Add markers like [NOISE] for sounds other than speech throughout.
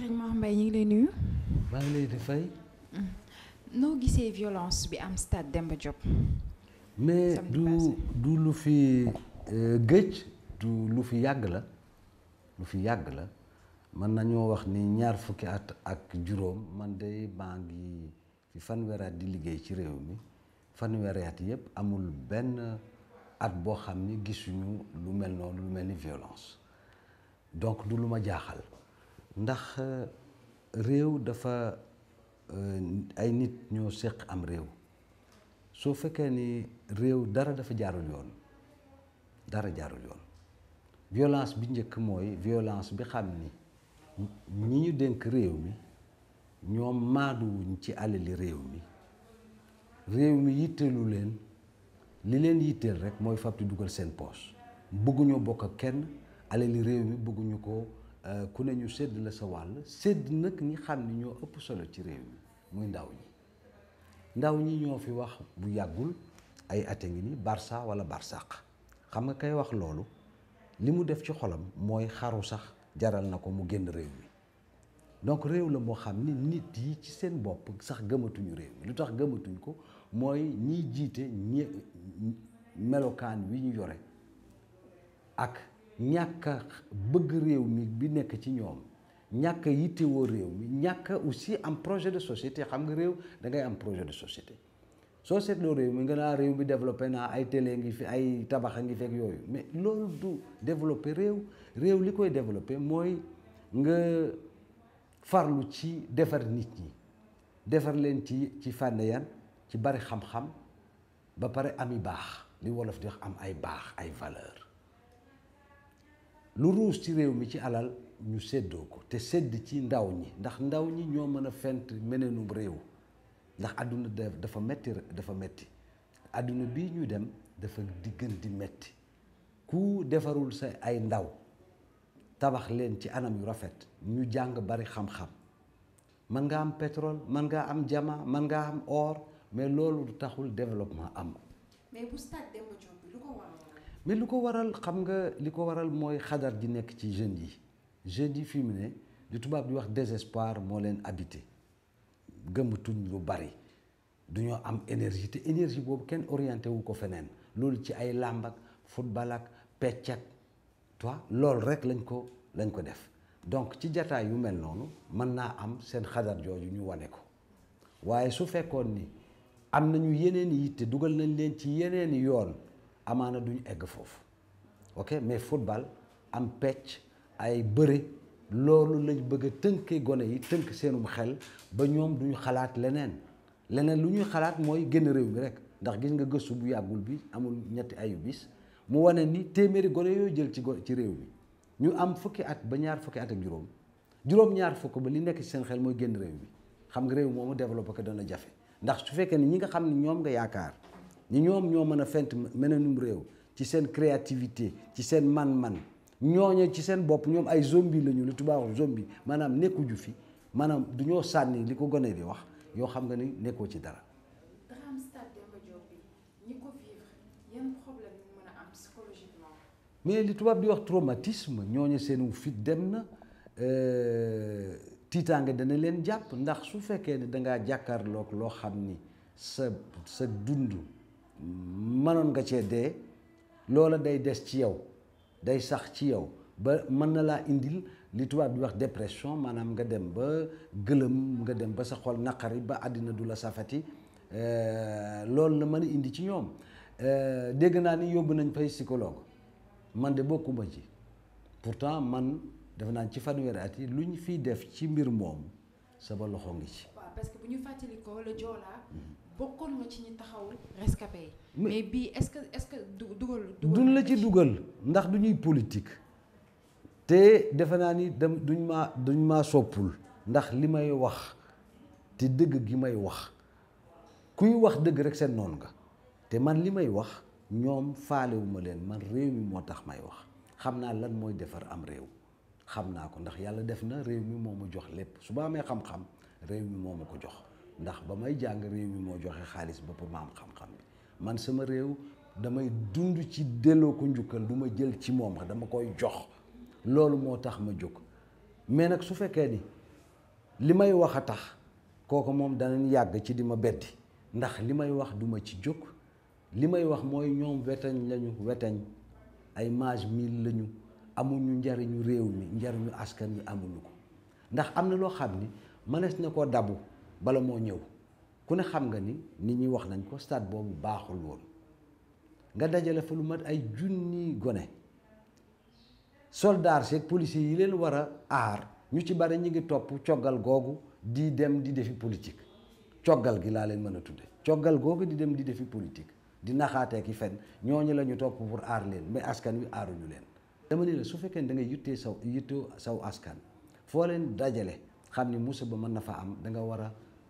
Serigne Mor Mbaye ñu ngi lay nuyu. ma ngi lay di fay. Mm. no gisee violence bi am stade Demba job mais du du lu fi euh, gëj du lu fi yag la lu fi yag la man nañu wax ni ñaar fukki at ak juroom man day maa fi fan fanweeri di liggéey ci réew mi fan at yépp amul benn at boo xam ni gisuñu lu mel noonu lu mel ni violence donc du lu ma jaaxal. ndax euh, réew dafa euh, ay nit ñoo séq am réew soo fekkee ni réew dara dafa jaarul yoon dara jaarul yoon violence bi njëkk mooy violence bi xam ni ñi ñu dénk réew mi ñoom maaduwuñ ci alali réew mi réew mi yitteelu leen li leen yitteel rek mooy fab di dugal seen poche bëgguñoo bokk ak kenn alali réew mi bëgguñu ko Euh, ku ne ñu sedd la sa wàll sédd nag ñi xam ne ñoo ëpp solo ci réew mi muy ndaw ñi ndaw ñi ñoo fi wax bu yàggul ay ate ngi ni barça wala barsaq xam nga kay wax loolu li mu def ci xolam mooy xaru sax jaral na ko mu génn réew mi donc réew la moo xam ni nit yi ci seen bopp sax gëmatuñu réew mi lu tax gëmatuñ ko mooy ñii jiite ñi melokaan wi ñu yore ak ñàkk bëgg réew mi bi nekk ci ñoom ñàkk a yittewoo réew mi ñàkk aussi am projet de société xam nga réew da ngay am projet de société soo seetloo réew mi nga naa ah, réew mi développé naa ay télé ngi fi ay tabax a ngi fekk yooyu mais loolu du développé réew réew li koy développé mooy nga farlu ci defar nit ñi defar leen ci ci fànn yan ci bari xam-xam ba pare ami baax li wolof di am ay baax ay valeur lu ruus ci réew mi ci alal ñu séddoo ko te sédd ci ndaw ñi ndax ndaw ñi ñoo mën a fent meneenum réew ndax àdduna dafa metti dafa metti àdduna bii ñu dem dafa diggante metti ku defarul sa ay ndaw tabax leen ci anam yu rafet ñu jàng bari xam-xam man nga am pétrole man nga am jama man nga am or mais loolu taxul développement am mais lu ko waral xam nga li ko waral mooy xadar ji nekk ci jeunes yi jeunes yi fi mu ne di tubaab di wax désespoir moo leen habité gëmatuñ lu bari duñoo am énergie te énergie boobu kenn orienté wu ko feneen loolu ci ay làmb ak football ak pecc ak toi loolu rek lañ ko lañ ko def donc ci jataay yu mel noonu mën naa am seen xadar jooju ñu wane ko waaye su fekkoon ni am nañu yeneen yi te dugal nañ leen ci yeneen yoon amaana duñu egg foofu ok mais football am pecc ay bëre loolu lañ bëgg tënkee gone yi tënk seenu xel ba ñoom duñu xalaat leneen leneen lu ñuy xalaat mooy génn réew mi rek ndax gis nga gëstu bu yàggul bi amul ñetti ayu bis mu wane ni téeméeri gone yooyu jël ci ci réew mi ñu am fukki at ba ñaar fukki at ak juróom juróom-ñaar fukk ba li nekk ci seen xel mooy génn réew mi xam nga réew moomu développé ko dana jafe ndax su fekkee ni ñi nga xam ne ñoom nga yaakaar ñi ñoom ñoo mën a fent meneenum réew ci seen créativité ci seen man-man ñooñe ci seen bopp ñoom ay zombie lañu lu tubaab wax zombie maanaam nekkuñu fi maanaam du sànni li ko gone di wax yoo xam nga ni nekkoo ci dara. mais li tubaab di wax traumatisme ñooñu seen fit dem na euh, tiitaange dana leen jàpp ndax su fekkee ne dangaa jàkkaarloog loo xam ni sa sa dund. mënoon nga cee dee loola day des ci yow day sax ci yow ba mën na laa indil li tubaab di wax dépression maanaam nga dem ba gëlëm nga dem ba sa xol naqari ba àddina du la safati euh, loolu la mën a indi ci ñoom euh, dégg naa ni yóbbu nañ fay psychologue man de bokkuma ci pourtant man dafa naan ci fanweeri at yi lu ñu fiy def ci mbir moom sama loxo ngi ci. parce que bu ñu fàttali ko le hmm. bokkoon ma ci ñi taxaw rescapé yi. mais bii est-ce que est-ce que dugal. duñ la ci dugal ndax du ñuy politique. te defe naa ni dam duñ maa duñ maa soppul ndax li may wax te dëgg gi may wax kuy wax dëgg rek seen noon nga te man li may wax ñoom faalewuma leen man réew mi moo tax may wax xam naa lan mooy defar am réew. xam naa ko ndax yàlla def na réew mi moo ma jox lépp su ma amee xam-xam réew mi moo ma ko jox. ndax ba may jàng réew mi moo joxe xaalis ba pour ma am xam-xam bi man sama réew damay dund ci delloo ko njukkal duma jël ci moom dama koy jox loolu moo tax ma jóg mais nag su fekkee ni li may wax a tax kooku moom danañ yàgg ci di ma beddi ndax li may wax duma ci jóg li may wax mooy ñoom lañu weteñ ay mage mille lañu amuñu njariñu réew mi njariñu askan wi amuñu ko ndax am na loo xam ni mënees na koo dabu bala mo ñew ku ne xam nga ni nit ñi wax nañ ko stade bobu baaxul woon nga dajale fa lu mat ay junni gone soldar ci policiers yi leen wara ar ñu ci bari ñi ngi top ciogal gogu di dem di defi politique ciogal gi la leen mëna tudde di dem di defi politique di naxaatee ki fen ñoñu lañu top pour ar leen mais askan wi aaruñu leen dama ni la su fekkee da nga yitté saw yitté saw askan fo leen dajale xamni musa baman nafaam, na fa am da nga wara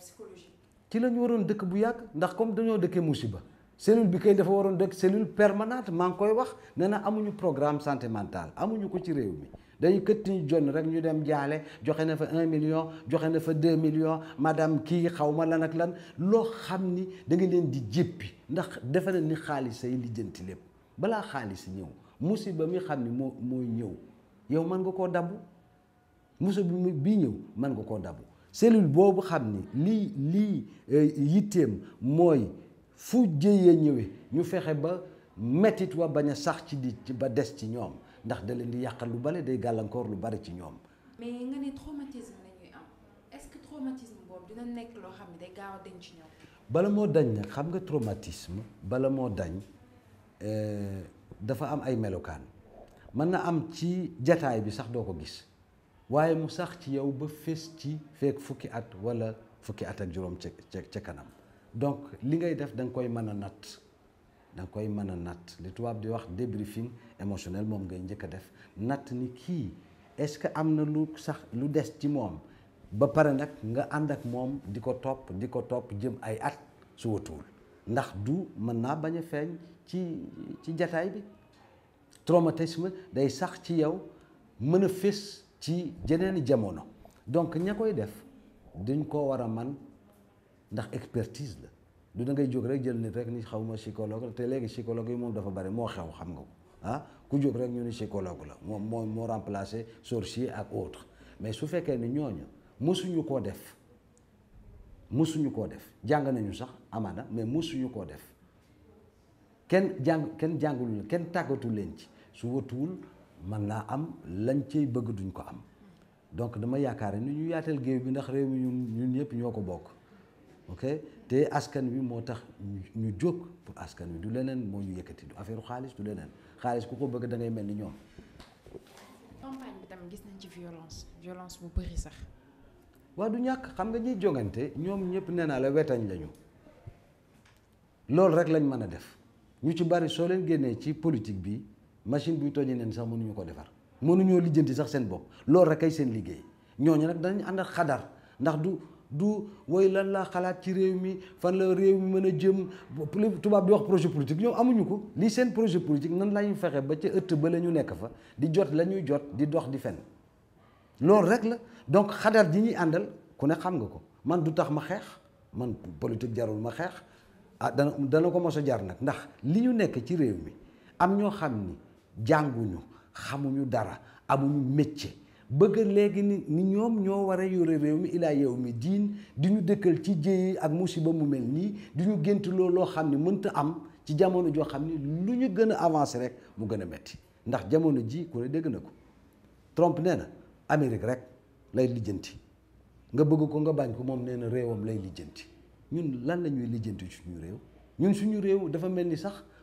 psychologique. ci la ñu waroon dëkk bu yàgg ndax comme dañoo dëkkee musiba cellule bi kay dafa waroon dëkk cellule permanente maa ngi koy wax nee na amuñu programme santé mentale amuñu ko ci réew mi dañu këtt ñu jonn rek ñu dem jaale joxe na fa un million joxe na fa deux million madame kii xawma ma lan ak lan loo xam ni da nga leen di jéppi ndax defe na ni xaalis ay lijjanti lépp balaa xaalis ñëw musiba mi xam ni moo mooy ñëw yow mën nga koo dabbu musiba bi bii ñëw mën nga koo dabbu cellule bobu xamni li li lii euh, moy fu jeeyé ñëwee ñu fexé ba metit wa baña sax ci di ba dess ci ñom ndax da leen di yàqal lu bale day gàllankoor lu bari ci ñom mais nga traumatisme lañuy am est-ce que traumatisme bobu dina nek lo xamni day gaaw dañ ci ñoom. bala dañ nag xam nga traumatisme bala moo dañ euh, dafa am ay melokaan man na am ci jataay bi sax do ko gis. waaye mu sax ci yow ba fés ci feek fukki at wala fukki at ak juróom ca ca kanam donc li ngay def da nga koy mën a natt da nga koy mën a natt li tubaab di wax débriefing émotionnel moom ngay njëkk a def natt ni kii est-ce que am na lu sax lu des ci moom ba pare nag nga ànd ak moom di ko topp di ko topp jëm ay at su watuwul ndax du mën naa bañ a feeñ ci ci jataay bi traumatisme day sax ci yow mën a fés ci jeneen jamono donc ña koy def dañ koo war a man ndax expertise la du da ngay jóg rek jël nit rek ni xaw ma psychologue te léegi psychologue yi moom dafa bari moo xew xam nga ko ah ku jóg rek ñu ni psychologue la moom moo moo remplacé sorcier ak autre mais su fekkee ni ñooñu mësuñu koo def mësuñu koo def jàng nañu sax amaana mais mësuñu koo def kenn jàng kenn jànguluñu kenn tàggatu leen ci su watuwul mën naa am lañ cey bëgg duñ ko am donc dama yaakaar ni ñu yaatal géew bi ndax réew mi ñun ñun ñëpp ñoo ko bokk ok te askan wi moo tax ñu jóg pour askan wi du leneen moo ñu yëkkati du affaire xaalis du leneen xaalis ku ko bëgg da ngay mel ni ñoom. campagne gis nañ ci violence violence bu bëri sax. waa du ñàkk xam nga ñuy jongante ñoom ñëpp nee naa la wetañ lañu loolu rek lañ mën a def ñu ci bari soo leen génnee ci politique bi. machine buy tojee neen sax mënuñu ko defar mënuñoo lijjanti sax seen bopp loolu rek ay seen liggéey ñooñu nag danañ ànd ak xadar ndax du du woy lan laa xalaat ci réew mi fan la réew mi mën a jëm tubaab di wax projet politique ñoom amuñu ko lii seen projet politique nan la ñuy fexe ba ca ëtt ba la ñu nekk fa di jot la ñuy jot di dox di fen loolu rek la donc xadar ji ñuy àndal ku ne xam nga ko man du tax ma xeex man politique jarul ma xeex ah dana dana ko mos a jar nag ndax li ñu nekk ci réew mi am ñoo xam jànguñu xamuñu dara amuñu métier bëgg léegi ni ni ñoom ñoo war a yore réew mi ilaa yow mi diin di ñu dëkkal ci jéyi ak musiba mu mel nii di ñu gént loolu loo xam ne mënta am ci jamono joo xam ni lu ñu gën a avancé rek mu gën a metti ndax jamono ji ku ne dégg na ko Trump nee na Amérique rek lay lijjanti nga bëgg ko nga bañ ko moom nee na réewam lay lijjanti ñun lan la lijjanti suñu réew ñun suñu réew dafa mel ni sax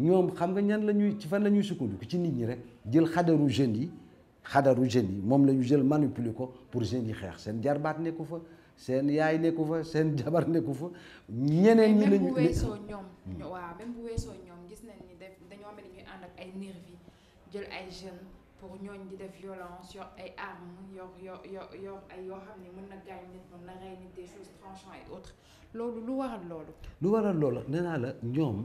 ñoom xam nga ñan lañuy ci fan lañuy ñuy sukkandiku ci nit ñi rek jël xadaru jeune yi xadaru jeune yi moom la jël manipuler ko pour jeune yi xeex seen jarbaat nekku fa seen yaay nekku fa seen [LAUGHS] jabar nekku fa ñeneen ñi lañu même bu weesoo [LAUGHS] ñoom hmm. waaw même bu weesoo ñoom gis nañ ni def dañoo am dañuy ànd ak ay nervi jël ay jeune pour ñooñ di def violence yor ay armes yor yor yor ay yoo xam ne mën na gaañ nit mën na rey nit des choses tranchantes et autres loolu lu waral loolu lu waral loolu nee naa la ñoom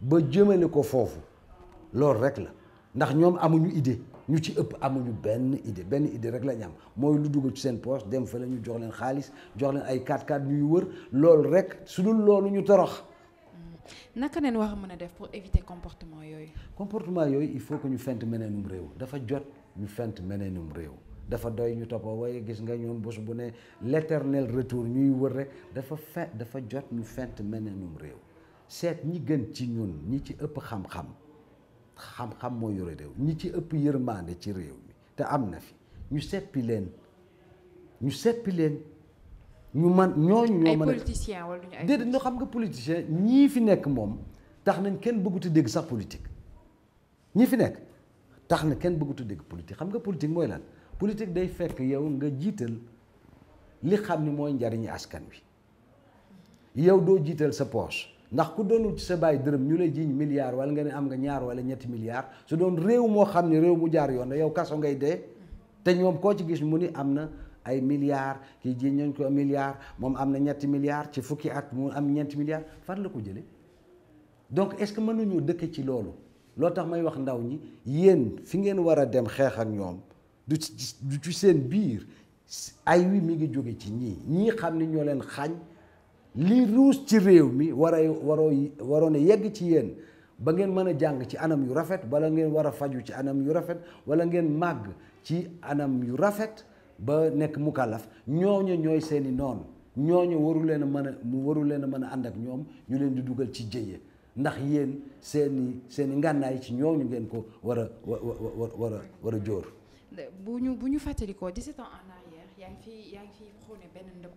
ba jëmele ko foofu loolu rek la ndax ñoom amuñu idée ñu ci ëpp amuñu benn idée benn idée rek la ñu am mooy lu dugg ci seen poche dem fa la ñu jox leen xaalis jox leen ay 4 4 ñuy wër loolu rek su dul loolu ñu torox. Hmm. naka neen war a mën a def pour éviter comportement yooyu. comportement yooyu il faut que ñu fent meneenum réew dafa jot ñu fent meneenum réew dafa doy ñu toppoo way gis nga ñoon bés bu ne l'éternel retour ñuy wër rek dafa fe dafa jot ñu fent meneenum réew. seet ñi gën ci ñun ñi ci ëpp xam-xam xam-xam moo yore réew ñi ci ëpp yërmande ci réew mi te am na fi ñu seppi leen ñu seppi leen ñu man ñooñu ñoo mën a déedéet ñoo xam nga politicien ñii fi nekk moom tax nañ kenn bëggutu dégg sax politique ñii fi nekk tax na kenn bëggutu dégg politique xam nga politique mooy lan politique day fekk yow nga jiital li xam ni mooy njariñu askan wi yow doo jiital sa poche ndax ku doonul ci sa baay dërëm ñu lay jiiñ milliard wala nga ne am nga ñaar wala ñetti milliards su doon réew moo xam ne réew mu jaar yoon la yow kaso ngay dee te ñoom koo ci gis mu ni am na ay milliards kii jiiñ nañ ko milliard moom am na ñetti milliards ci fukki at mu am ñetti milliards fan la ko jëlee donc est-ce que mënuñu dëkk ci loolu loo tax may wax ndaw ñi yéen fi ngeen war a dem xeex ak ñoom du ci seen biir ay wi mi ngi jóge ci ñii ñii xam n ñoo leen xañ lii ruus ci réew mi war a waroo waroon a yegg ci yéen ba ngeen mën a jàng ci anam yu rafet wala ngeen war a faju ci anam yu rafet wala ngeen màgg ci anam yu rafet ba nekk mukallaf ñooñu ñooy seeni noonu ñooñu waru leen mën a mu waru leen mën a ànd ak ñoom ñu leen di dugal ci jëye ndax yéen seeni seeni ngànnaay ci ñooñu ngeen ko war a wa wa war a jóor. bu ñu ñu fàttalikoo 17 ans en arrière yaa ngi fi yaa ngi fi prôné benn ndëpp.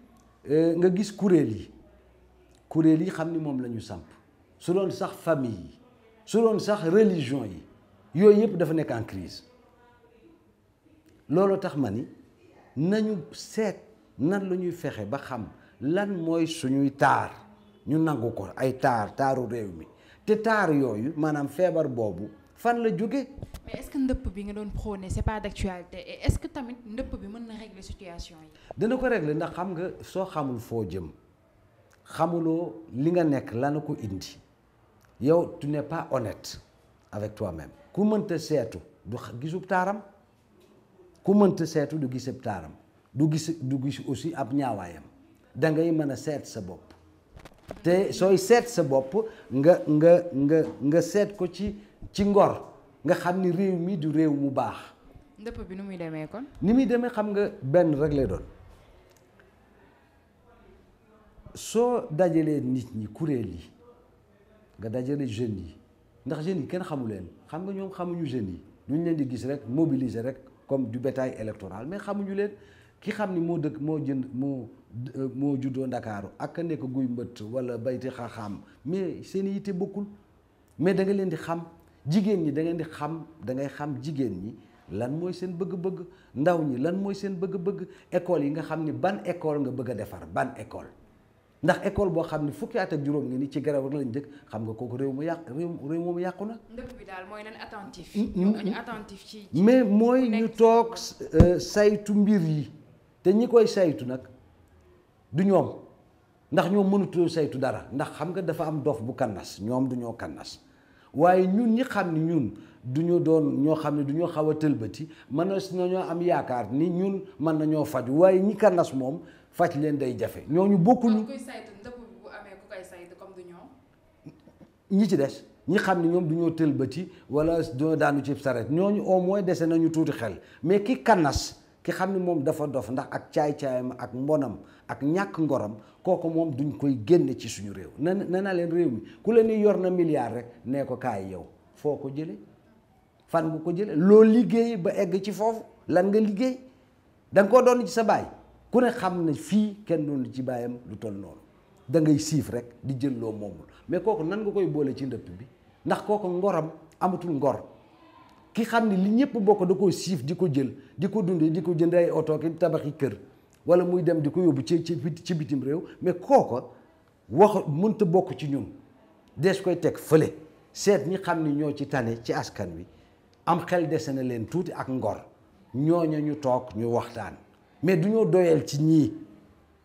Euh, nga gis kuréel yi kuréel yi xam ni moom samp su doon sax famille su doon sax religion yi yooyu yëpp dafa nekk en crise loolu tax ma ni nañu seet nan la ñuy fexe ba xam lan mooy suñuy taar ñu nangu ko ay taar taaru réew mi te taar yooyu maanaam feebar boobu fan la jóge mais est-ce que ndep bi nga doon prôné c'est pas d'actualité et est-ce que tamit ndep bi mën na régler situation yi. dana ko régler ndax xam nga so xamul fo jëm xamulo li nga nek la na ko indi yow tu n'es pas honnête avec toi-même ku mënta seetu du gisub taram ku mënta seetu du gisub taram du gis du gis aussi ab ñaawaayam da ngay mën a seet sa bopp te soy seet sa bop nga nga nga nga seet ko ci. ci ngor nga xam ni réew mii du réew mu baax. ndëpp bi nu muy demee kon. ni muy demee xam nga benn rek lay doon soo dajalee nit ñi kuréel yi nga dajale jeunes yi ndax jeunes yi kenn xamu leen xam nga ñoom xamuñu jeunes yi duñ leen di gis rek mobiliser rek comme du bétail électoral mais xamuñu leen ki xam ni moo dëkk moo jënd moo euh, moo juddoo ndakaaru ak nekk guy mbëtt wala bayti xaxaam mais seen yitte bokkul mais da leen di xam. jigéen ñi da ngeen di xam da ngay xam jigéen ñi lan mooy seen bëgg-bëgg ndaw ñi lan mooy seen bëgg-bëgg école yi nga xam ni ban école nga bëgg a defar ban école ndax école boo xam ni fukki at ak juróom nga ni ci garab lañ dëkk xam nga réew mu yàq réew moom yàqu na. ndëkk bi daal mooy nan attentif. Mm, mm, ñu mm. attentif ci mais mooy ñu toog euh, saytu mbir yi te ñi koy saytu nag du ñoom ndax ñoom mënutoo saytu dara ndax xam nga dafa am dof bu kannas ñoom du ñoo kannas waaye ñun ñi xam ni ñun du ñu doon ñoo xam ne du ñu xaw a tëlbati mën na ñoo am yaakaar ni ñun mën nañoo faj waaye ñi kanas moom faj leen day jafe ñooñu bokkul. ñu koy saytu ndëpp bu amee comme du ñi ci des ñi xam ni ñoom du ñoo tëlbati wala du daanu ci saret ñooñu au moins dese nañu tuuti xel mais ki kanas. ki xam ne moom dafa dof ndax ak caay-caayam ak mbonam ak ñàkk ngoram kooku moom duñ koy génne ci suñu réew na na na leen réew mi ku la ni yor na milliard rek nee ko kaay yow foo ko jële fan nga ko jële loo liggéey ba egg ci foofu lan nga liggéey danga nga koo doon ci sa baay ku ne xam ne fii kenn doon ci baayam lu toll noonu dangay siif rek di jël loo moomul mais kooku nan nga koy boole ci ndëpp bi ndax kooku ngoram amatul ngor ki xam ne li ñëpp bokk da koo siif di ko jël di ko dundee di ko jënd ay oto ki tabaxi kër wala muy dem di ko yóbbu ci ci ci bitim réew mais kooko wax mënta bokk ci ñun dees koy teg fële seet ñi xam ni ñoo ci tane ci askan wi am xel dese na leen tuuti ak ngor ñooña ñu toog ñu waxtaan mais du ñoo doyal ci ñii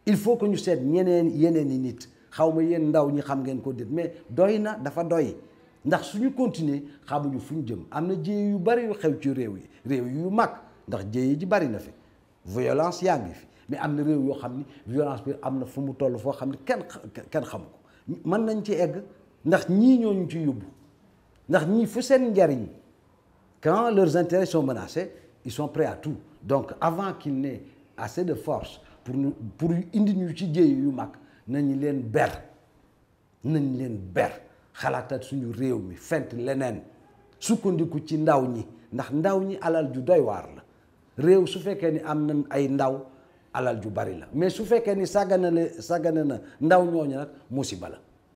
il faut que ñu seet ñeneen yeneen i nit xaw ma yéen ndaw ñi xam ngeen ko déet mais doy na dafa doy ndax suñu continuer xamuñu fuñu jëm amna jey yu bari xew ci rew yi rew yu mak ndax jéye ji bari na fi violence ya ngi fi mais amna rew yo xamni violence bi amna fu mu toll fo xamni ne kenn kenn xamu ko nañ ci egg ndax ñi ñooñu ci yóbbu ndax ñi fu seen njariñ quand leurs intérêts sont menacés ils sont prêts à tout donc avant qu'il n'ait assez de force pour ñu pour indi ñu ci jey yu mak nañ leen ber nañ leen ber xalaataat suñu réew mi fent leneen sukkandiku ci ndaw ñi ndax ndaw ñi alal ju doy waar la réew su fekkee ni am na ay ndaw alal ju bari la mais su fekkee ni sàggane na sàggane na ndaw ñooñu nag musiba la